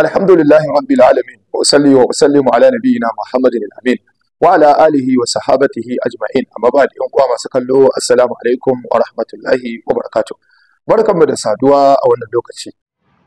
alhamdulillahi rabbil alamin wa usalli ala nabiyyina muhammadin amin wa ala alihi wa sahabatihi ajma'in amma ba yan uwa kallo assalamu alaikum wa rahmatullahi wa barakatuh barkanmu da saduwa a wannan lokaci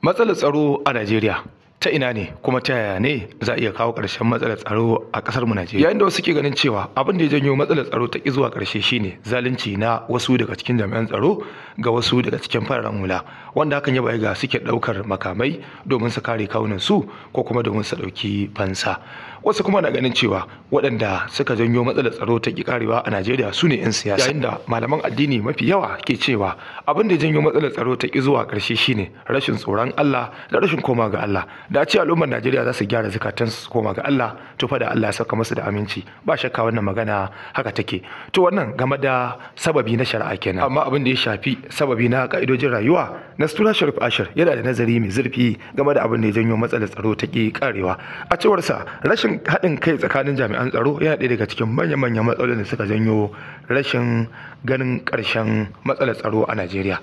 matsalar tsaro a Najeriya ta ina ne kuma ta yaya ne za a iya kawo ƙarshen matsalar tsaro a ƙasar mu Najeriya yayin da wasu ke ganin cewa abin da ya janyo matsalar tsaro ta zuwa ƙarshe shine zalunci na wasu daga cikin jami'an tsaro ga wasu daga cikin fararen hula wanda hakan ya bai ga suke ɗaukar makamai domin su kare kawunan su ko kuma domin su ɗauki fansa wasu kuma na ganin cewa waɗanda suka janyo matsalar tsaro ta ƙi karewa a Najeriya su ne 'yan siyasa yayin da malaman addini mafi yawa ke cewa abin da ya janyo matsalar tsaro ta zuwa ƙarshe shine rashin tsoron Allah da rashin koma ga Allah da a ce al'ummar Najeriya za su gyara zukatan su koma ga Allah to fada Allah ya saka musu da aminci ba shakka wannan magana haka take to wannan game da sababi na shari'a kenan amma abin da ya shafi sababi na ka'idojin rayuwa sura Sharif Ashir yana da nazari mai zurfi game da abin da ya janyo matsalar tsaro ta ki karewa a cewar sa rashin haɗin kai tsakanin jami'an tsaro yana ɗaya daga cikin manya-manyan matsalolin da suka janyo rashin ganin ƙarshen matsalar tsaro a Najeriya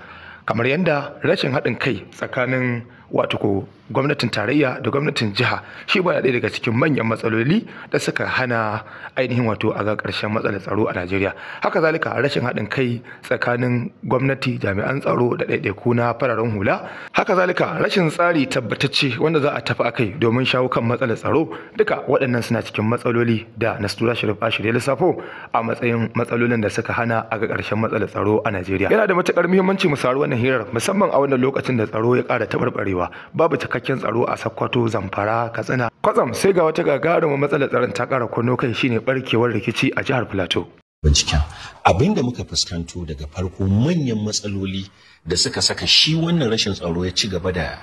kamar yadda rashin haɗin kai tsakanin wato ko gwamnatin tarayya da gwamnatin jiha shi ba ɗaya daga cikin manyan matsaloli da suka hana ainihin wato a ga ƙarshen matsalar tsaro a Najeriya haka zalika rashin haɗin kai tsakanin gwamnati jami'an tsaro da ɗaiɗaiku na fararen hula haka zalika rashin tsari tabbatacce wanda za a tafi akai domin shawo kan matsalar tsaro duka waɗannan suna cikin matsaloli da Nastura Sharif Ashir ya lissafo a matsayin matsalolin da suka hana a ga ƙarshen matsalar tsaro a Najeriya yana da matuƙar muhimmanci mu saru wannan hirar musamman a wannan lokacin da tsaro ya ƙara taɓarɓarewa cewa babu cikakken tsaro a Sokoto Zamfara Katsina kwatsam sai ga wata gagarumar matsalar tsaron ta kara kunno kai shine barkewar rikici a jihar Plateau binciken abin da muka fuskanto daga farko manyan matsaloli da suka saka shi wannan rashin tsaro ya ci gaba da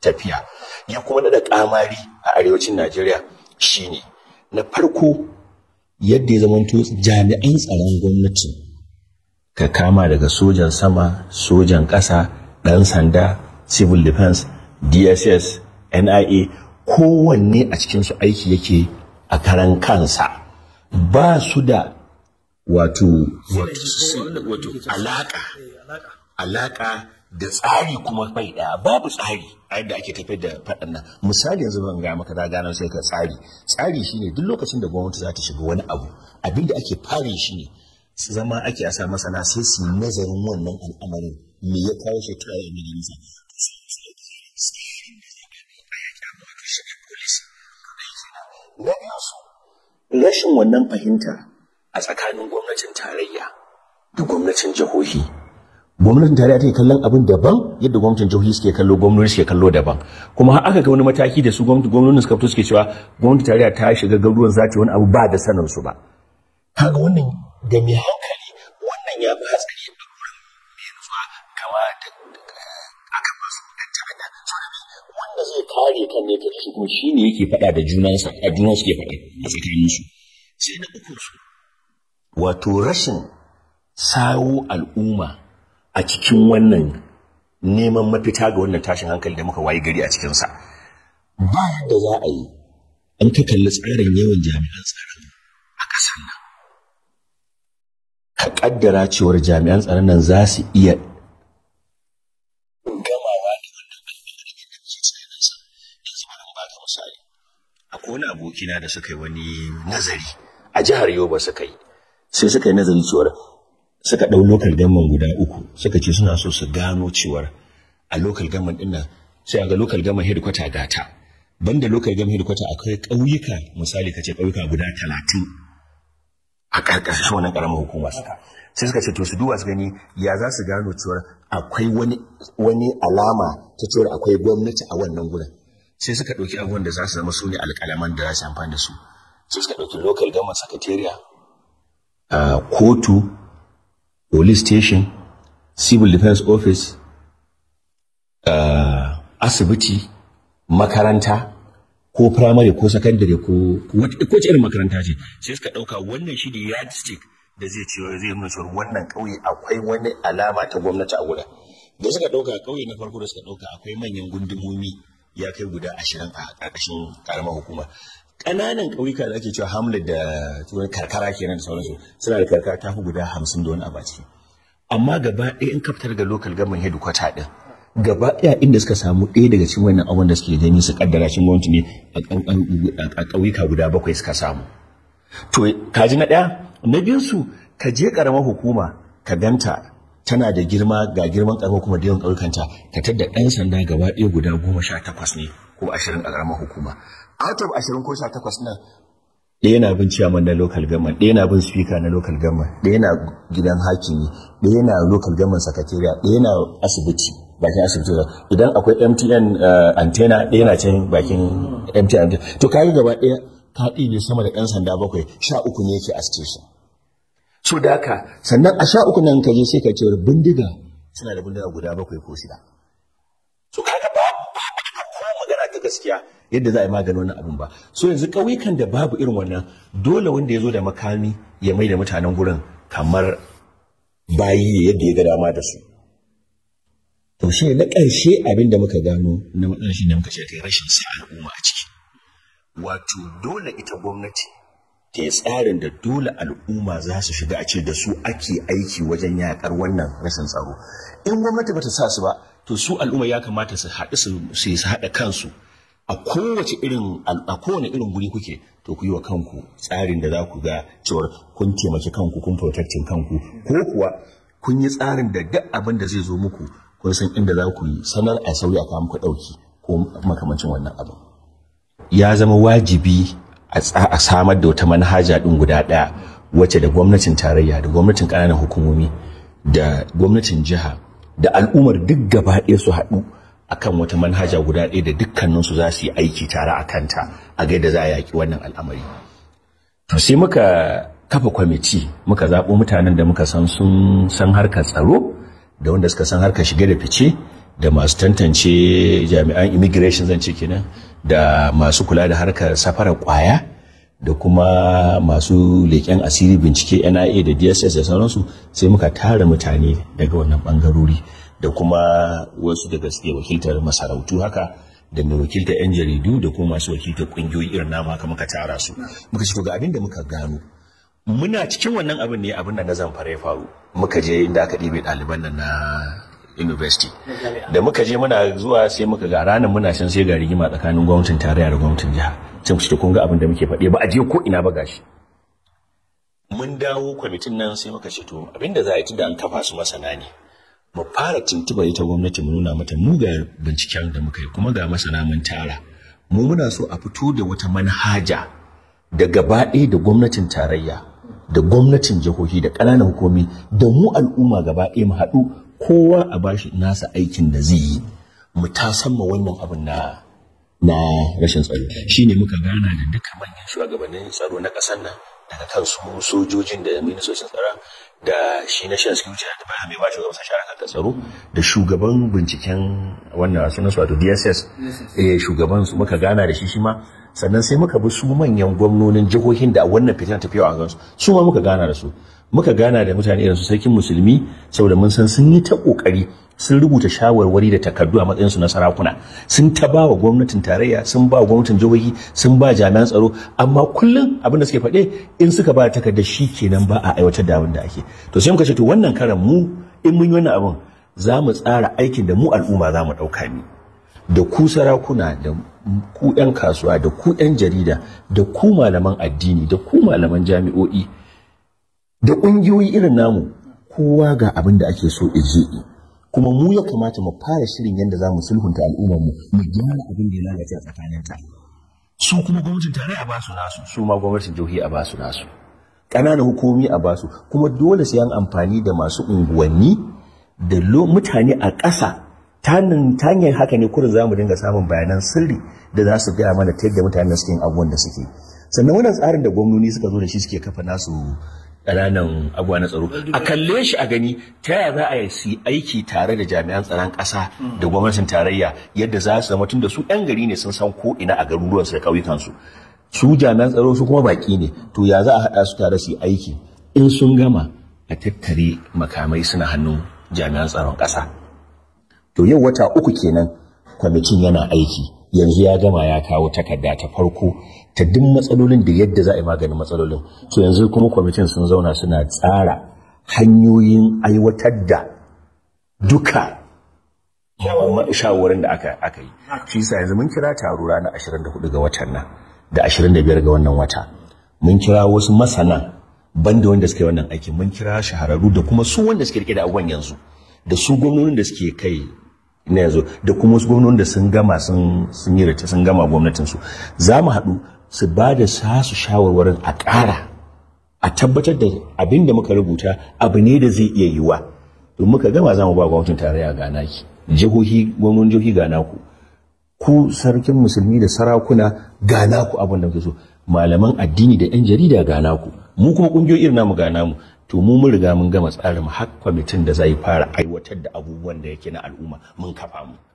tafiya ya kuma da kamari a arewacin Najeriya shine na farko yadda ya zamanto jami'an tsaron gwamnati ka kama daga sojan sama sojan ƙasa ɗan sanda civil defense dss nia kowanne a cikinsu aiki yake a karan kansa ba su da wato alaƙa da tsari kuma bai ɗaya babu tsari a yadda ake tafiyar da faɗan nan misali yanzu ban gaya maka da gano sai ka tsari tsari shine duk lokacin da gwamnati za ta shiga wani abu abin da ake fari shine zama ake sa masana sai su nazarin wannan al'amarin me ya kawo shi ta yi rashin wannan fahimta a tsakanin gwamnatin tarayya da gwamnatin jihohi gwamnatin tarayya take kallon abin daban yadda gwamnatin jihohi suke kallo gwamnati suke kallo daban kuma har aka kai wani mataki da su gwamnati suka fito suke cewa gwamnatin tarayya ta shiga garuruwan zaci wani abu ba da sanin su ba kaga wannan da mai hankali kare kan ne ka shigo shi ne yake faɗa da junansa a junan suke ke faɗa a su sai na uku su wato rashin sawo al'umma a cikin wannan neman mafita ga wannan tashin hankali da muka wayi gari a cikinsa ba yadda za a yi an ka kalli tsarin yawan jami'an tsaron a ƙasar nan ka ƙaddara cewar jami'an tsaron nan za su iya wani abokina da suka yi wani nazari a jihar Yoba suka yi sai suka yi nazari cewar suka ɗau local government guda uku suka ce suna so su gano cewar a local government ɗin nan sai a ga local government headquarter gata banda local government headquarter akwai ƙauyuka misali ka ce ƙauyuka guda talatin a ƙarƙashin wannan ƙaramar hukuma suka sai suka ce to su duba su gani ya za su gano cewar akwai wani alama ta cewar akwai gwamnati a wannan gurin sai suka ɗauki abubuwan da za su zama su ne alƙalaman da za su amfani da su sai suka ɗauki local government secretariat kotu police station civil defense office asibiti makaranta ko primary ko secondary ko ko irin makaranta ce sai suka ɗauka wannan shi ne yardstick da zai ce zai nuna tsoro wannan ƙauye akwai wani alama ta gwamnati a wurin da suka ɗauka ƙauye na farko da suka ɗauka akwai manyan gundumomi ya kai guda ashirin a ƙarƙashin ƙaramar hukuma ƙananan ƙauyuka da ake cewa hamlet da karkara kenan da sauransu suna da karkara ta fi guda hamsin da wani abu a ciki amma gaba ɗaya in ka fitar ga local government headquarter ɗin gaba ɗaya inda suka samu ɗaya daga cikin wannan abin da suke gani su kaddara shi gwamnati ne a ƙauyuka guda bakwai suka samu to ji na ɗaya na biyun su ka je ƙaramar hukuma ka ganta tana da girma ga girman karamar kuma da yawan ƙauyukanta ka tadda ɗan sanda gaba ɗaya guda goma sha takwas ne ko ashirin a ƙaramar hukuma out of ashirin ko sha takwas nan ɗaya na bin ciyaman na local government ɗaya na bin speaker na local government ɗaya na gidan hakimi ɗaya na local government secretariat ɗaya na asibiti bakin asibiti ba. idan akwai mtn eh, antena, ɗaya na can bakin mtn to kayi gaba ɗaya kaɗi ne sama da ɗan sanda bakwai sha uku ne yake a station so da sannan a sha uku nan ka je sai ka ce bindiga suna da bindiga guda bakwai ko shida so kaga ba ko magana ta gaskiya yadda za a yi maganin wannan abin ba so yanzu ƙauyukan da babu irin wannan dole wanda ya zo da makami ya mai da mutanen gurin kamar bayi yadda ya ga dama da su to shi na ƙarshe abin da muka gano na matsalar shi da muka ce rashin sa al'umma a ciki wato dole ita gwamnati ta tsarin da dole al'umma za su shiga a ce da su ake aiki wajen yaƙar wannan rashin tsaro in gwamnati bata sa su ba to su al'umma ya kamata su haɗu su su haɗa kansu a kowace irin a kowane irin guri kuke to ku yi wa kanku tsarin da za ku ga cewar kun taimaki kanku kun protectin kanku ko kuwa kun yi tsarin da duk abin da zai zo muku kun san inda za ku yi sanar a sauya ka muku ɗauki ko makamancin wannan abin ya zama wajibi a samar da wata manhaja din guda ɗaya wacce da gwamnatin tarayya da gwamnatin ƙananan hukumomi da gwamnatin jiha da al'ummar duk gaba ɗaya su haɗu akan wata manhaja guda ɗaya da dukkaninsu za su yi aiki tare a kanta a gaida za a yaƙi wannan al'amari to sai muka kafa kwamiti muka zaɓo mutanen da muka san sun san harkar tsaro da wanda suka san harkar shige da fice da masu tantance jami'an immigration zan ce kenan da masu kula da harkar safarar kwaya da kuma masu leƙen asiri bincike nia da dss da sauransu sai muka tara mutane daga wannan ɓangarori da kuma wasu daga suke wakiltar masarautu haka da mai wakiltar 'yan jaridu da kuma masu wakiltar ƙungiyoyi irin nama haka muka tara su muka ci ga abin da muka gano muna cikin wannan abin ne abin da na zamfara ya faru muka je inda aka ɗibe ɗaliban nan na university da muka je muna zuwa sai muka ga ranar muna can sai ga rigima tsakanin gwamnatin tarayya da gwamnatin jiha can ku kun ga abin da muke faɗi ba a je ko ina ba gashi mun dawo kwamitin nan sai muka ce to abinda za a yi tunda an kafa su masana ne mu fara tuntuba ita gwamnati mu nuna mata mu ga binciken da muka yi kuma ga masana mun tara mu muna so a fito da wata manhaja da gaba ɗaya da gwamnatin tarayya da gwamnatin jihohi da ƙananan hukumi da mu al'umma gaba ɗaya mu haɗu kowa a bashi nasa aikin da zai yi mu ta ma wannan abin na na rashin tsaro shine muka gana da duka manyan shugabannin tsaro na ƙasar nan daga kan su sojojin da ministocin tsara da shi na shan security da tafiya mai bashi wasu shara kan tsaro da shugaban binciken wannan sunan su wato DSS eh shugaban su muka gana da shi shi ma sannan sai muka bi su manyan gwamnonin jihohin da wannan fitina tafiya a gansu su ma muka gana da su muka gana da mutane irin su sarkin musulmi saboda mun san sun yi ta kokari sun rubuta shawarwari da takardu a matsayin su na sarakuna sun ta ba wa gwamnatin tarayya sun ba gwamnatin jihohi sun ba jami'an tsaro amma kullum abin da suke faɗe in suka ba takardar shi kenan ba a aiwatar da abin da ake to sai muka ce to wannan karan mu in mun yi wannan abin za mu tsara aikin da mu al'umma za mu ɗauka ni da ku sarakuna da ku 'yan kasuwa da ku 'yan jarida da ku malaman addini da ku malaman jami'o'i da ƙungiyoyi irin namu kowa ga abin da ake so ije kuma mu ya kamata mu fara shirin yadda za mu sulhunta al'ummar mu mu gyara abin da ya lalace a tsakaninta su kuma gwamnatin tare a basu nasu su ma gwamnatin jihohi a basu nasu ƙananan hukumi a basu kuma dole sai an amfani da masu unguwanni da mutane a ƙasa ta hanyar haka ne kurin za mu dinga samun bayanan sirri da za su gaya mana ta yadda mutane suke yin abubuwan da suke sannan wannan tsarin da gwamnoni suka zo da shi suke kafa nasu ƙananan abuwa na tsaro a kalle shi a gani ta yaya za a yi aiki tare da jami'an tsaron ƙasa da gwamnatin tarayya yadda za su zama tun da su 'yan gari ne sun san ko ina a garuruwansu da ƙauyukansu su jami'an tsaro su kuma baƙi ne to ya za a haɗa su tare su yi aiki in sun gama a tattare makamai suna hannun jami'an tsaron ƙasa to yau wata uku kenan kwamitin yana aiki yanzu ya gama ya kawo takarda ta farko ta duk matsalolin da yadda za a yi maganin matsalolin to yanzu kuma kwamitin sun zauna suna tsara hanyoyin aiwatar da duka shawarin da aka yi shi sa yanzu mun kira taro ranar 24 ga watan nan da 25 ga wannan wata mun kira wasu masana ban da wanda suke wannan aikin mun kira shahararru da kuma su wanda suke rike da abubuwan yanzu da su gwamnonin da suke kai na yazo da kuma wasu gwamnati da sun gama sun sun yi rata sun gama gwamnatin su za mu haɗu su ba da sasu shawarwarin a ƙara a tabbatar da abin da muka rubuta abu ne da zai iya yiwa to muka gama za mu ba gwamnatin tarayya ga naki jihohi gwamnonin jihohi ga naku ku sarkin musulmi da sarakuna ga naku abin da muke so malaman addini da yan jarida ga naku mu kuma ƙungiyoyi irin namu ga namu to mu mun riga mun gama tsarin har kwamitin da zai fara aiwatar da abubuwan da yake na al'umma mun kafa mu